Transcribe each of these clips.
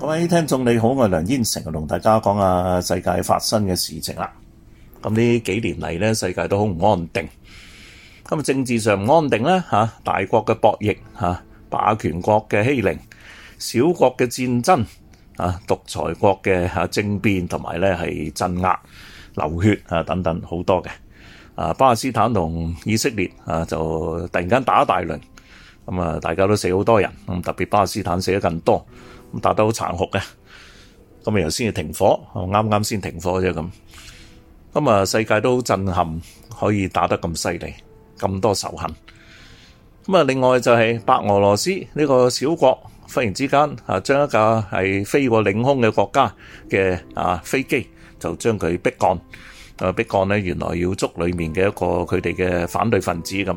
各位聽眾你好，我係梁燕城，同大家講下世界發生嘅事情啦。咁呢幾年嚟咧，世界都好唔安定。咁啊，政治上唔安定咧，吓大國嘅博弈吓，霸權國嘅欺凌，小國嘅戰爭啊，獨裁國嘅吓政變同埋咧係鎮壓、流血啊等等好多嘅。啊，巴勒斯坦同以色列啊就突然間打大輪。咁啊，大家都死好多人，咁特別巴勒斯坦死得更多，咁打得好殘酷嘅，咁啊又先至停火，啱啱先停火啫咁。咁啊，世界都震撼，可以打得咁犀利，咁多仇恨。咁啊，另外就係白俄羅斯呢個小國，忽然之間啊，將一架係飛過領空嘅國家嘅啊飛機，就將佢逼降，啊逼降呢，原來要捉裏面嘅一個佢哋嘅反對分子咁。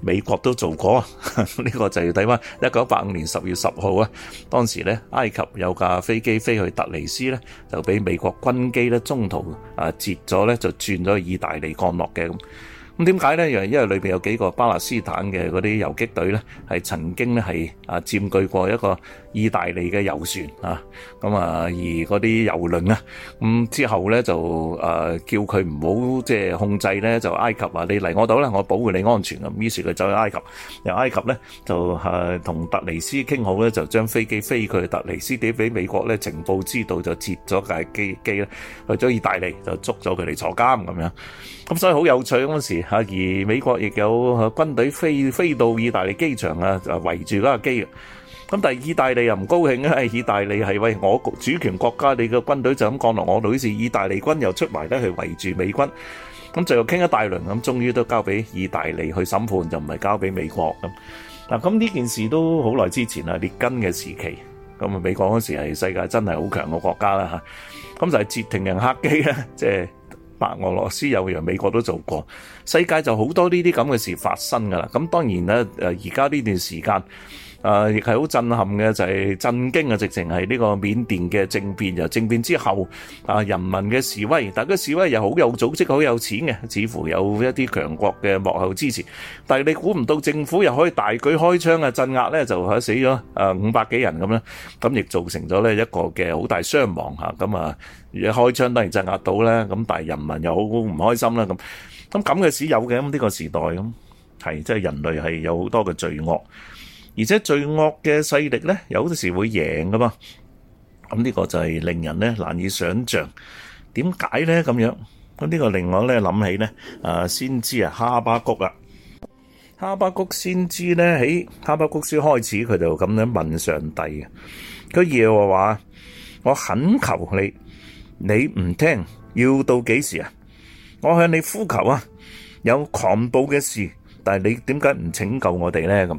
美國都做過，呢 個就要睇返。一九八五年十月十號啊，當時咧埃及有架飛機飛去突尼斯咧，就俾美國軍機咧中途啊截咗咧，就轉咗去意大利降落嘅。咁點解呢？因為裏邊有幾個巴勒斯坦嘅嗰啲遊擊隊呢，係曾經咧係啊佔據過一個意大利嘅郵船啊。咁啊，而嗰啲郵輪啊，咁之後呢，就啊叫佢唔好即係控制呢。就埃及話：你嚟我度啦，我保護你安全咁。於是佢走去埃及，由埃及呢，就係同、啊、特尼斯傾好呢，就將飛機飛佢去特尼斯啲俾美國呢。情報知道，就截咗架機機咧去咗意大利，就捉咗佢嚟坐監咁樣。咁所以好有趣嗰時。嚇！而美國亦有軍隊飛飛到意大利機場啊，圍住嗰架機啊。咁但係意大利又唔高興啊，係意大利係為我國主權國家，你個軍隊就咁降落我度，於是意大利軍又出埋咧去圍住美軍。咁最後傾一大輪咁，終於都交俾意大利去審判，就唔係交俾美國咁。嗱，咁呢件事都好耐之前啦，列根嘅時期。咁啊，美國嗰時係世界真係好強嘅國家啦嚇。咁就係截停人客機咧，即係。白俄羅斯有，由美國都做過，世界就好多呢啲咁嘅事發生㗎啦。咁當然咧，誒而家呢段時間。誒，亦係好震撼嘅，就係、是、震驚啊！直情係呢個緬甸嘅政變，由政變之後，啊、呃，人民嘅示威，但係個示威又好有組織，好有錢嘅，似乎有一啲強國嘅幕後支持。但係你估唔到政府又可以大舉開槍啊，鎮壓咧就死咗誒五百幾人咁啦，咁亦造成咗呢一個嘅好大傷亡嚇，咁啊，而、嗯、開槍當然鎮壓到啦，咁但係人民又好唔開心啦，咁咁咁嘅事有嘅，咁呢個時代咁係即係人類係有好多嘅罪惡。而且罪惡嘅勢力咧，有陣時會贏噶嘛，咁呢個就係令人咧難以想象，點解咧咁樣？咁呢個令我咧諗起咧，啊先知啊哈巴谷啊，哈巴谷先知咧喺哈巴谷書開始，佢就咁樣問上帝嘅，佢耶和華，我懇求你，你唔聽，要到幾時啊？我向你呼求啊，有狂暴嘅事，但係你點解唔拯救我哋咧咁？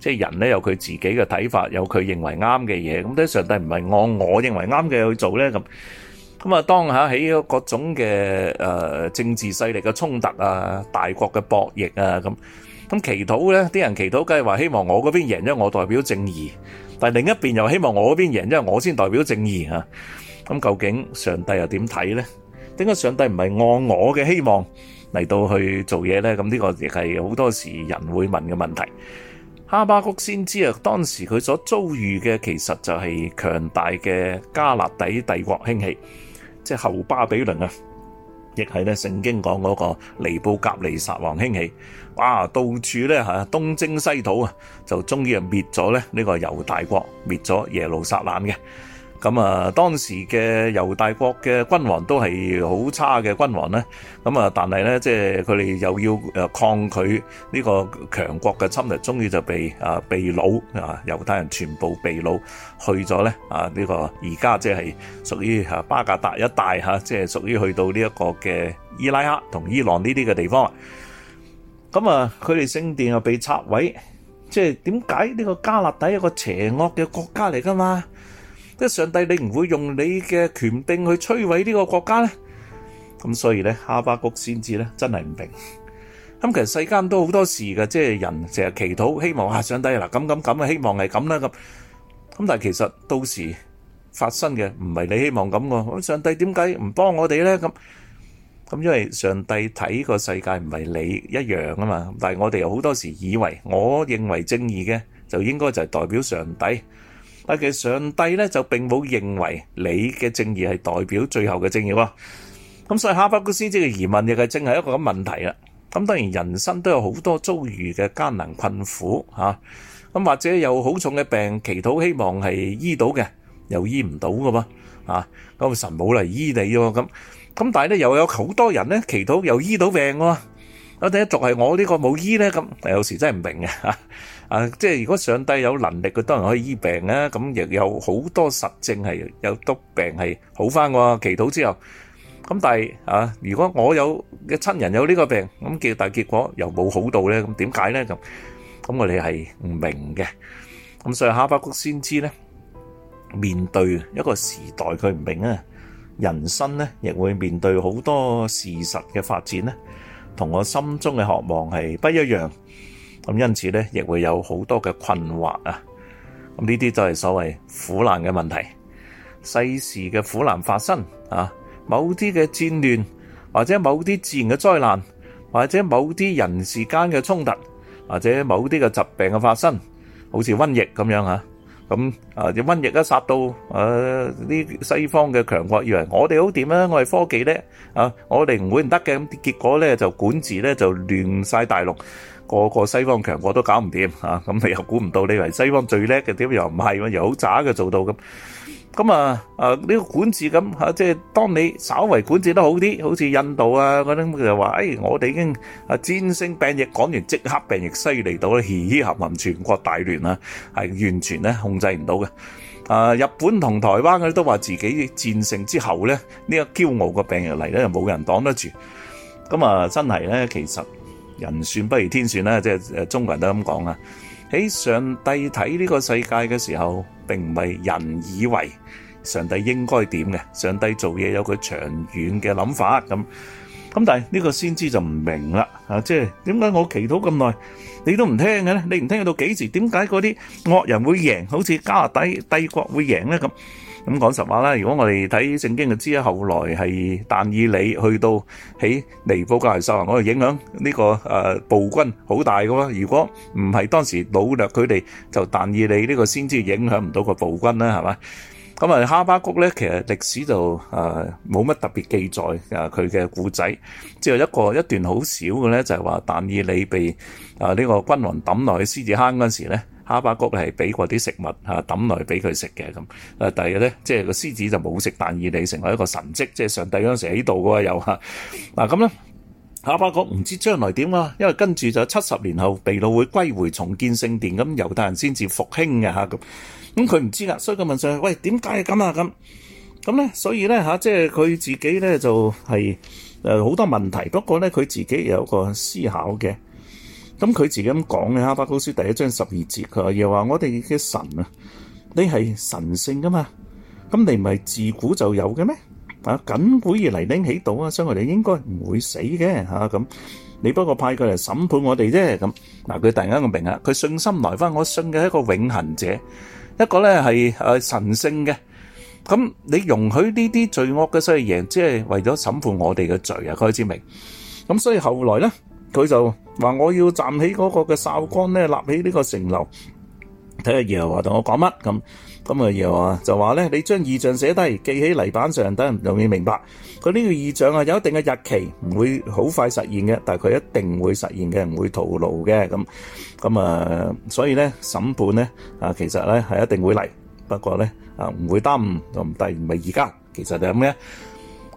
即係人咧，有佢自己嘅睇法，有佢認為啱嘅嘢。咁咧，上帝唔係按我認為啱嘅去做咧，咁咁啊，當下起咗各種嘅誒政治勢力嘅衝突啊，大國嘅博弈啊，咁咁祈禱咧，啲人祈禱，梗係話希望我嗰邊贏，因為我代表正義。但係另一邊又希望我嗰邊贏，因為我先代表正義嚇。咁究竟上帝又點睇咧？點解上帝唔係按我嘅希望嚟到去做嘢咧？咁呢個亦係好多時人會問嘅問題。哈巴谷先知啊，當時佢所遭遇嘅其實就係強大嘅加勒底帝國興起，即係後巴比倫啊，亦係咧聖經講嗰個尼布甲尼撒王興起，哇，到處咧嚇東征西討啊，就終於係滅咗咧呢個猶大國，滅咗耶路撒冷嘅。咁啊，當時嘅猶大國嘅君王都係好差嘅君王咧。咁啊，但係咧，即係佢哋又要誒抗拒呢個強國嘅侵略，終於就被啊被擄啊，猶太人全部被擄去咗咧。啊，呢、這個而家即係屬於嚇巴格達一帶嚇、啊，即係屬於去到呢一個嘅伊拉克同伊朗呢啲嘅地方。咁、嗯、啊，佢哋聖殿又被拆毀，即係點解呢個加勒底係一個邪惡嘅國家嚟噶嘛？即係上帝，你唔會用你嘅權柄去摧毀呢個國家咧？咁所以咧，哈巴谷先知咧真係唔明。咁其實世間都好多事嘅，即係人成日祈禱，希望啊，上帝嗱咁咁咁嘅希望係咁啦。咁、啊、咁但係其實到時發生嘅唔係你希望咁嘅。咁上帝點解唔幫我哋咧？咁咁因為上帝睇個世界唔係你一樣啊嘛。但係我哋又好多時以為，我認為正義嘅就應該就係代表上帝。但其實上帝咧就並冇認為你嘅正義係代表最後嘅正義喎，咁所以哈巴谷斯呢個疑問亦係正係一個咁問題啦。咁當然人生都有好多遭遇嘅艱難困苦嚇，咁或者有好重嘅病，祈禱希望係醫到嘅，又醫唔到噶嘛，啊咁神冇嚟醫你喎咁，咁但係咧又有好多人咧祈禱又醫到病喎，我哋一族係我呢個冇醫咧，咁有時真係唔明嘅嚇。啊，即係如果上帝有能力，佢當然可以醫病啊！咁亦有好多實證係有督病係好翻嘅，祈禱之後。咁但係啊，如果我有嘅親人有呢個病，咁結但結果又冇好到咧，咁點解咧？咁咁我哋係唔明嘅。咁所以哈巴谷先知咧，面對一個時代，佢唔明啊！人生咧，亦會面對好多事實嘅發展咧，同我心中嘅渴望係不一樣。咁因此咧，亦會有好多嘅困惑啊！咁呢啲就係所謂苦難嘅問題。世事嘅苦難發生啊，某啲嘅戰亂，或者某啲自然嘅災難，或者某啲人事間嘅衝突，或者某啲嘅疾病嘅發生，好似瘟疫咁樣嚇。咁啊，啲瘟疫一殺到，啊，啲西方嘅強國以為我哋好掂啊，我哋科技叻啊，我哋唔會唔得嘅咁，結果咧就管治咧就亂曬大陸。個個西方強國都搞唔掂嚇，咁、啊嗯、你又估唔到？你以為西方最叻嘅點又唔係喎？又好渣嘅做到咁咁、嗯、啊！啊呢、呢個管治咁嚇、啊，即係當你稍為管治得好啲，好似印度啊嗰啲就話，哎，我哋已經啊戰勝病疫，講完即刻病疫犀利到咧，稀稀合冧全國大亂啦、啊，係完全咧控制唔到嘅。啊，日本同台灣嗰啲都話自己戰勝之後咧，呢、呢個驕傲個病疫嚟咧就冇人擋得住。咁、嗯、啊，真係咧，其實～人算不如天算啦，即係誒，中國人都咁講啊。喺上帝睇呢個世界嘅時候，並唔係人以為上帝應該點嘅，上帝做嘢有佢長遠嘅諗法咁。咁但係呢個先知就唔明啦，啊，即係點解我祈禱咁耐，你都唔聽嘅咧？你唔聽到幾時？點解嗰啲惡人會贏？好似迦勒底帝國會贏咧咁？咁講實話啦，如果我哋睇聖經就知啦，後來係但以理去到喺尼布甲尼撒啊，嗰度影響呢、這個誒、呃、暴君好大嘅啦。如果唔係當時擄掠佢哋就但以理呢個先至影響唔到個暴君啦，係嘛？咁啊哈巴谷咧，其實歷史就誒冇乜特別記載誒佢嘅故仔，只有一個一段好少嘅咧，就係、是、話但以理被啊呢、呃這個君王抌落去獅子坑嗰陣時咧。哈巴谷係俾過啲食物嚇揼嚟俾佢食嘅咁，誒第二咧，即係個獅子就冇食，但而你成為一個神蹟，即係上帝嗰陣時喺度嘅話又嚇嗱咁咧，哈巴谷唔知將來點啊，因為跟住就七十年後，被擄會歸回重建聖殿，咁猶太人先至復興嘅嚇咁，咁佢唔知啦，所以佢問上帝：喂，點解係咁啊？咁咁咧，所以咧嚇，即係佢自己咧就係誒好多問題，不過咧佢自己有個思考嘅。咁佢自己咁講嘅，哈巴谷書第一章十二節，佢又話：我哋嘅神啊，你係神聖噶嘛？咁你唔係自古就有嘅咩？啊，亙古而嚟拎起到啊，所以我哋應該唔會死嘅嚇咁。你不過派佢嚟審判我哋啫。咁嗱，佢突然間個明啊，佢信心來翻，我信嘅一個永恆者，一個咧係誒神聖嘅。咁你容許呢啲罪惡嘅衰嘢，即係為咗審判我哋嘅罪啊，佢先明。咁所以後來咧。佢就話：我要站起嗰個嘅哨崗咧，立起呢個城樓，睇下耶和華同我講乜咁。咁啊，耶和華就話咧：你將異象寫低，記喺泥板上，等人容易明白。佢呢個異象啊，有一定嘅日期，唔會好快實現嘅，但係佢一定會實現嘅，唔會徒勞嘅。咁咁啊，所以咧，審判咧啊，其實咧係一定會嚟，不過咧啊唔會耽誤，同第二唔係而家。其實就咁樣。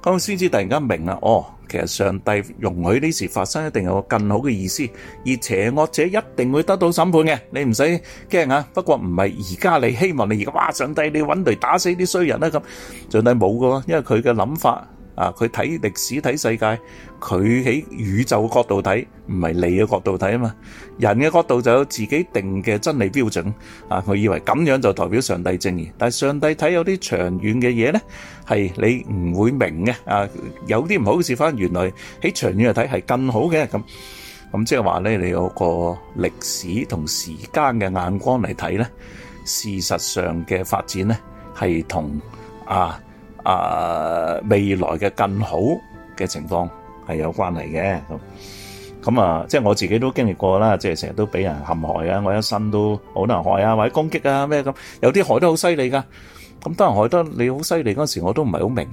咁先至突然間明啦，哦，其實上帝容許呢事發生一定有更好嘅意思，而邪惡者一定會得到審判嘅，你唔使驚啊。不過唔係而家，你希望你而家哇，上帝你揾雷打死啲衰人啦、啊、咁，上帝冇㗎，因為佢嘅諗法。啊！佢睇歷史睇世界，佢喺宇宙嘅角度睇，唔係你嘅角度睇啊嘛。人嘅角度就有自己定嘅真理標準啊！佢以為咁樣就代表上帝正義，但係上帝睇有啲長遠嘅嘢咧，係你唔會明嘅啊！有啲唔好事翻原來喺長遠嚟睇係更好嘅咁。咁即係話咧，你有個歷史同時間嘅眼光嚟睇咧，事實上嘅發展咧係同啊。啊，未來嘅更好嘅情況係有關係嘅。咁咁啊，即係我自己都經歷過啦，即係成日都俾人陷害啊，我一生都好多人害啊，或者攻擊啊咩咁，有啲害都好犀利噶。咁當然害得你好犀利嗰時，我都唔係好明。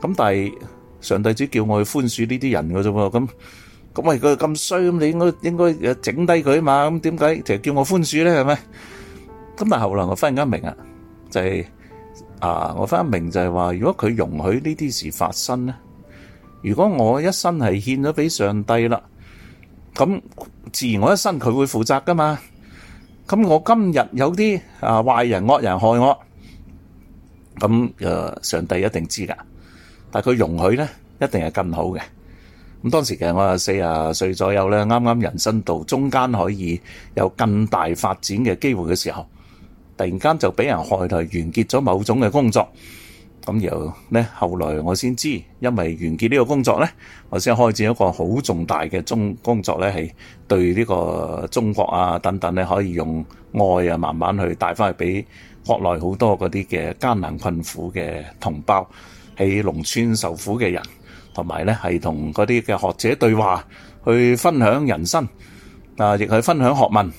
咁但係上帝只叫我去寬恕呢啲人嘅啫喎。咁咁喂，佢咁衰，咁你應該應該誒整低佢啊嘛。咁點解成日叫我寬恕咧？係咪？咁但係後來我忽然間明啊，就係。啊！我分明就係話，如果佢容許呢啲事發生咧，如果我一生係獻咗俾上帝啦，咁自然我一生佢會負責噶嘛。咁我今日有啲啊壞人惡人害我，咁誒、呃、上帝一定知噶。但係佢容許咧，一定係更好嘅。咁當時嘅我四十歲左右咧，啱啱人生到中間可以有更大發展嘅機會嘅時候。突然間就俾人害，就係完結咗某種嘅工作。咁又呢，後來我先知，因為完結呢個工作呢，我先開始一個好重大嘅中工作呢，係對呢個中國啊等等呢，可以用愛啊慢慢去帶翻去俾國內好多嗰啲嘅艱難困苦嘅同胞，喺農村受苦嘅人，同埋呢係同嗰啲嘅學者對話，去分享人生啊，亦係分享學問。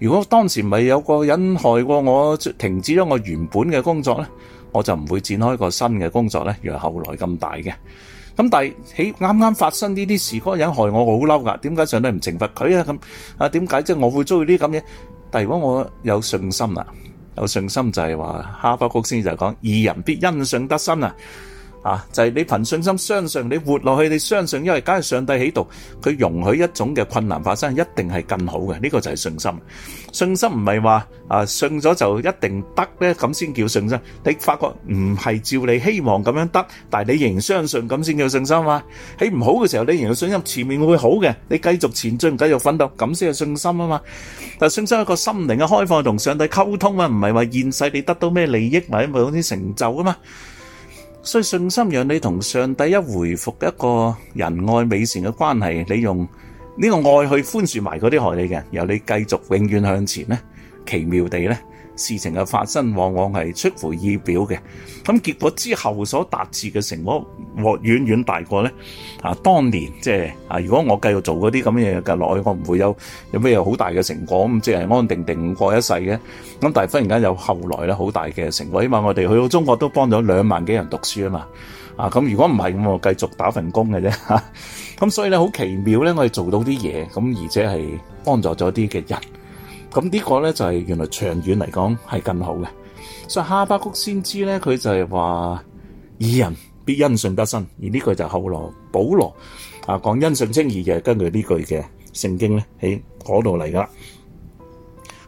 如果當時咪有個人害過我，停止咗我原本嘅工作咧，我就唔會展開個新嘅工作咧，如後來咁大嘅。咁但係喺啱啱發生呢啲事，嗰個人害我好嬲噶，點解上帝唔懲罰佢啊？咁啊點解即係我會遭遇啲咁嘅。但係如果我有信心啦，有信心就係話，哈巴谷先就係講，義人必因信得生啊。啊！就係你憑信心相信你活落去，你相信，因為假若上帝喺度，佢容許一種嘅困難發生，一定係更好嘅。呢個就係信心。信心唔係話啊，信咗就一定得咧，咁先叫信心。你發覺唔係照你希望咁樣得，但係你仍然相信，咁先叫信心啊。喺唔好嘅時候，你仍然有信心，前面會好嘅。你繼續前進，繼續奮鬥，咁先係信心啊嘛。但係信心係一個心靈嘅開放同上帝溝通啊，唔係話現世你得到咩利益或者某啲成就啊嘛。所以信心讓你同上帝一回復一個仁愛美善嘅關係，你用呢個愛去寬恕埋嗰啲害你嘅人，由你繼續永遠向前咧，奇妙地咧。事情嘅發生往往係出乎意表嘅，咁結果之後所達至嘅成果，或遠遠大過咧。啊，當年即係啊，如果我繼續做嗰啲咁嘢嘅落去，我唔會有有咩好大嘅成果，咁即係安定定過一世嘅。咁但係忽然間有後來咧，好大嘅成果，起碼我哋去到中國都幫咗兩萬幾人讀書啊嘛。啊，咁如果唔係咁，我繼續打份工嘅啫。咁、啊、所以咧，好奇妙咧，我哋做到啲嘢，咁而且係幫助咗啲嘅人。咁呢個咧就係、是、原來長遠嚟講係更好嘅。所以哈巴谷先知咧，佢就係話：義人必因信得生。而呢句就後來保羅啊講因信稱義嘅根據句聖呢句嘅聖經咧喺嗰度嚟噶啦。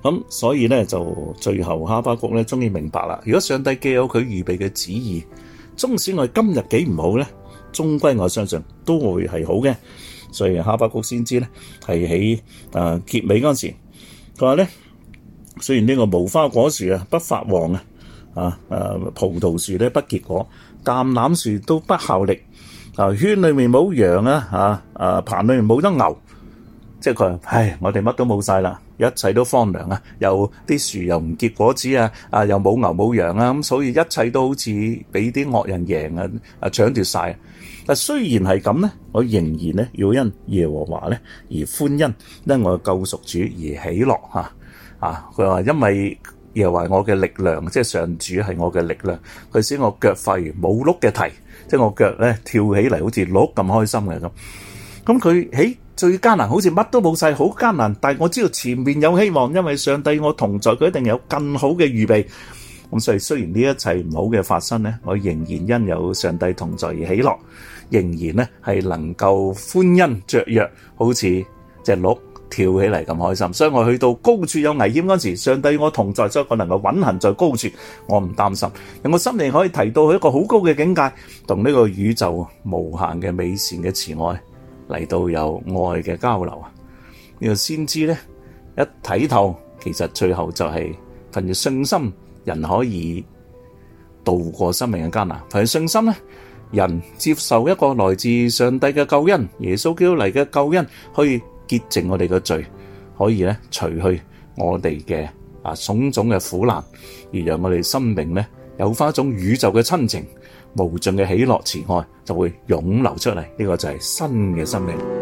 咁所以咧就最後哈巴谷咧終於明白啦。如果上帝既有佢預備嘅旨意，縱使我今日幾唔好咧，終歸我相信都會係好嘅。所以哈巴谷先知咧係喺啊結尾嗰陣時。佢話咧，雖然呢個無花果樹啊不發黃啊，啊誒葡萄樹咧不結果，橄欖樹都不效力，啊圈裏面冇羊啊，啊啊棚裏面冇得牛。即係佢話：唉，我哋乜都冇曬啦，一切都荒涼啊，又啲樹又唔結果子啊，啊，又冇牛冇羊啊，咁所以一切都好似俾啲惡人贏啊，啊，搶奪曬。但係雖然係咁咧，我仍然咧要因耶和華咧而歡欣，因我嘅救贖主而喜樂嚇。啊，佢話因為耶和華我嘅力量，即係上主係我嘅力量，佢使我腳快如母鹿嘅蹄，即係我腳咧跳起嚟好似鹿咁開心嘅咁。咁佢起。最艱難，好似乜都冇晒，好艱難。但係我知道前面有希望，因為上帝我同在，佢一定有更好嘅預備。咁所以雖然呢一切唔好嘅發生呢，我仍然因有上帝同在而喜樂，仍然呢係能夠歡欣雀躍，好似隻鹿跳起嚟咁開心。所以我去到高處有危險嗰時，上帝我同在，所以我能夠穩行在高處，我唔擔心。我心靈可以提到一個好高嘅境界，同呢個宇宙無限嘅美善嘅慈愛。嚟到有愛嘅交流啊，呢個先知咧一睇透，其實最後就係、是、憑住信心，人可以度過生命嘅艱難。憑住信心咧，人接受一個來自上帝嘅救恩，耶穌叫嚟嘅救恩，可以潔淨我哋嘅罪，可以咧除去我哋嘅啊種種嘅苦難，而讓我哋生命咧有返一種宇宙嘅親情。無盡嘅喜樂慈愛就會湧流出嚟，呢個就係新嘅生命。